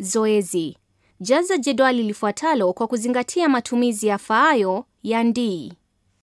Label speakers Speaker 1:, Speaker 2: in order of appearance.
Speaker 1: Zoezi: jaza jedwali lifuatalo kwa kuzingatia matumizi yafaayo ya ndii.